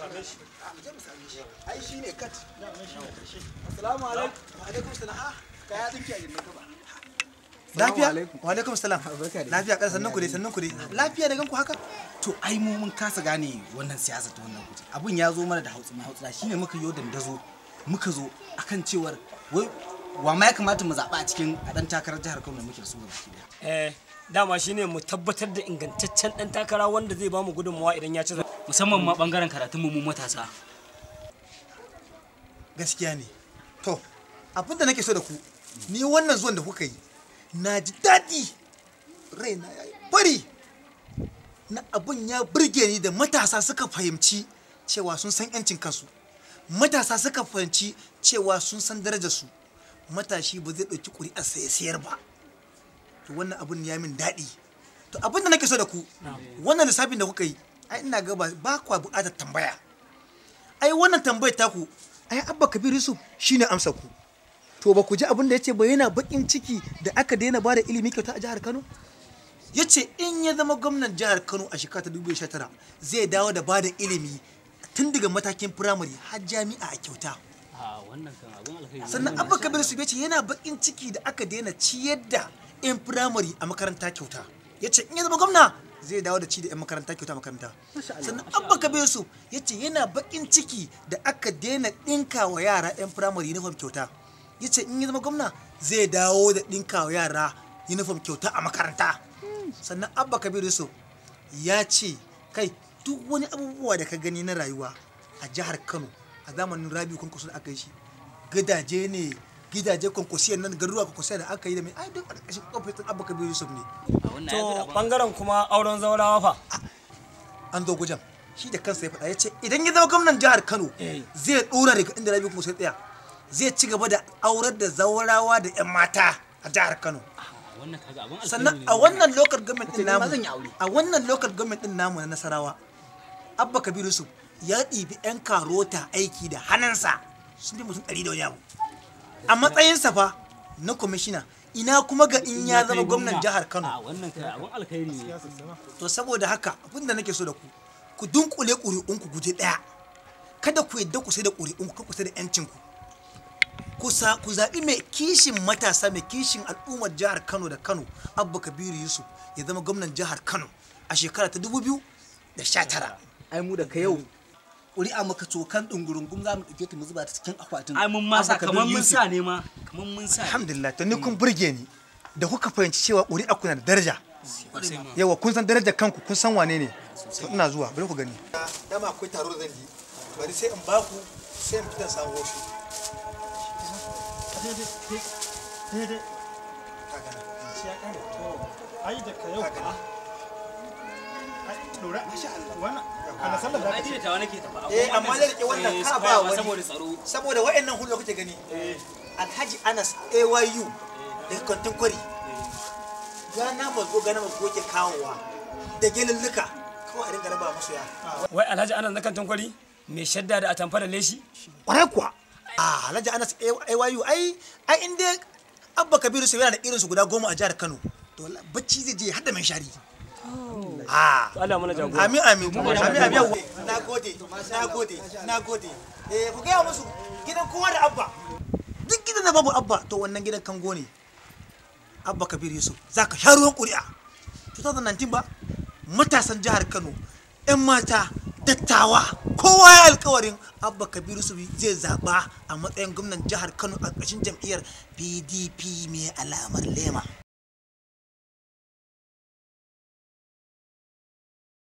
lafiya wa salam lafiya sannan ku dai sannan ku dai lafiya da ganku haka to ai mu mun kasa gane wannan siyasa ta wannan kuce abun ya zo mana da hautsi mai hautsi shine muka yo dandazo muka zo akan cewar wai wa ma ya kamata mu zaɓa a cikin a ɗan takarar jihar Kano muke so eh dama shine mu tabbatar da ingantaccen ɗan takara wanda zai ba mu gudunmawa idan ya ci musamman ma bangaren karatun mu matasa gaskiya ne to abin da nake so da ku ni wannan zuwan da kuka yi na ji daɗi raina ya yi bari na abin ya burge ni da matasa suka fahimci cewa sun san 'yancin kansu matasa suka fahimci cewa sun san su matashi ba zai ɗauki ƙuri'ar ya sayar ba to wannan abin ya min daɗi to abin da nake so da ku wannan lissafin da kuka yi ai ina ga ba kwa buƙatar tambaya ai wannan tambayar taku ai abba kabir yusuf shine amsa ku to ba ku ji abin da yace ba yana bakin ciki da aka daina ba da ilimi kyauta a jihar kano yace in ya zama gwamnan jihar kano a shekara ta 2019 zai dawo da ba da ilimi tun daga matakin firamare har jami'a a kyauta sannan abba kabir yusuf yace yana bakin ciki da aka daina ciyar da 'yan firamare a makaranta kyauta yace in ya zama gwamna zai dawo da ci da 'yan makaranta kyauta makaranta sannan abba su ya ce yana bakin ciki da aka daina ɗinka wa yara 'yan firamare uniform kyauta ya ce in ya zama gwamna zai dawo da ɗinka wa yara uniform kyauta a makaranta sannan abba su ya ce kai duk wani abubuwa da ka gani na rayuwa a jihar kano a zamanin rabi kun da aka yi shi gadaje ne gidaje kwankwasiyar nan garuruwa kwankwasiyar da aka yi da mai ai duk a ƙarƙashin ofisin abba biyu yusuf ne to bangaren kuma auren zaurawa fa an zo gujan shi da kansa ya faɗa ya ce idan ya zama gwamnan jihar kano eh. zai ɗora daga inda rabi kuma sai tsaya zai ci gaba da aurar da zaurawa da 'yan mata a jihar kano ah, sannan a wannan lokal gwamnan din namu a wannan local government din namu na nasarawa abba kabiru su ya ɗibi 'yan karota aiki da hannunsa sun mutum ɗari da wani abu a matsayinsa fa na kwamishina ina kuma ga in ya zama gwamnan jihar kano to saboda haka abin da nake so da ku ku dunkule ku guje ɗaya kada ku yadda ku sai da ƙuri'un ku sai da ƴancin ku ku zaɓi mai kishin matasa mai kishin al'ummar jihar kano da kano abba kabiru yusuf ya zama gwamnan jihar kano a shekara ta 2019 ai mu da ka yau ƙuri'a maka cokan ɗungurungun za mu ɗauke ta mu zuba ta cikin akwatin ai mun masa kamar mun sa ne ma kamar mun sa alhamdulillah to ni kun burge ni da kuka fahimci cewa ƙuri'a kuna da daraja yawa kun san darajar kanku kun san wane ne to ina zuwa bari ku gani dama akwai taro zan yi bari sai in baku sai in fita samu wasu daidai daidai ai da ka yau ka lura wannan ana sallar da kace tawa nake tafa eh amma da rike wannan ka ba wani saboda tsaro saboda wayannan hullo kuke gani eh. Alhaji Anas AYU daga Kantin Kwari eh. Gana mazgo gana mazgo ke kawowa da gelulluka kawai a dinga raba musu ya wai Alhaji Anas na Kantin Kwari mai shadda da atamfa da leshi kwarai kuwa a Alhaji Anas AYU ai ai inda Abba Kabiru sai yana da irinsu guda goma a jihar Kano to bacci zai je har mai shari oh. Ah. Allah mana jagora amin amin amin amin na gode na gode na gode eh ku ga musu gidan kowa da abba duk gidan da babu abba to wannan gidan kango ne abba kabir yusuf zaka sha ruwan ƙuri'a 2019 ba matasan jihar kano 'yan mata dattawa kowa ya alkawarin abba kabiru su zai zaɓa a matsayin gwamnan jihar kano a ƙarshen jam'iyyar pdp mai alamar lema